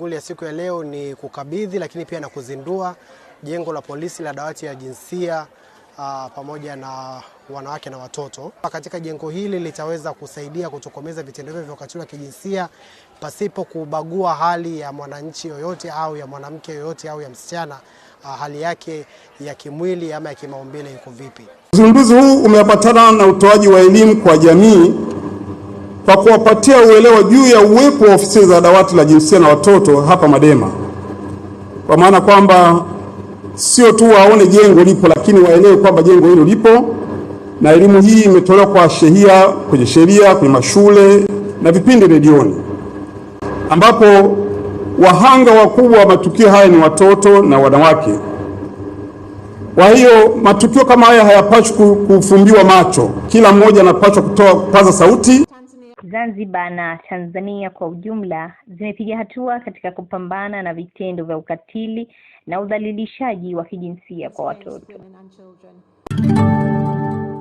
Shughuli ya siku ya leo ni kukabidhi lakini pia na kuzindua jengo la polisi la dawati ya jinsia a, ah, pamoja na wanawake na watoto. Katika jengo hili litaweza kusaidia kutokomeza vitendo hivyo vya ukatili wa kijinsia pasipo kubagua hali ya mwananchi yoyote au ya mwanamke yoyote au ya msichana, a, ah, hali yake ya kimwili ama ya kimaumbile iko vipi. Uzinduzi huu umeambatana na utoaji wa elimu kwa jamii kwa kuwapatia uelewa juu ya uwepo wa ofisi za dawati la jinsia na watoto hapa Madema, kwa maana kwamba sio tu waone jengo lipo, lakini waelewe kwamba jengo hilo lipo na elimu hii imetolewa kwa shehia kwenye sheria kwenye mashule na vipindi redioni, ambapo wahanga wakubwa wa matukio haya ni watoto na wanawake. Kwa hiyo matukio kama haya hayapaswi kufumbiwa macho, kila mmoja anapaswa kutoa kupaza sauti Zanzibar na Tanzania kwa ujumla zimepiga hatua katika kupambana na vitendo vya ukatili na udhalilishaji wa kijinsia kwa watoto.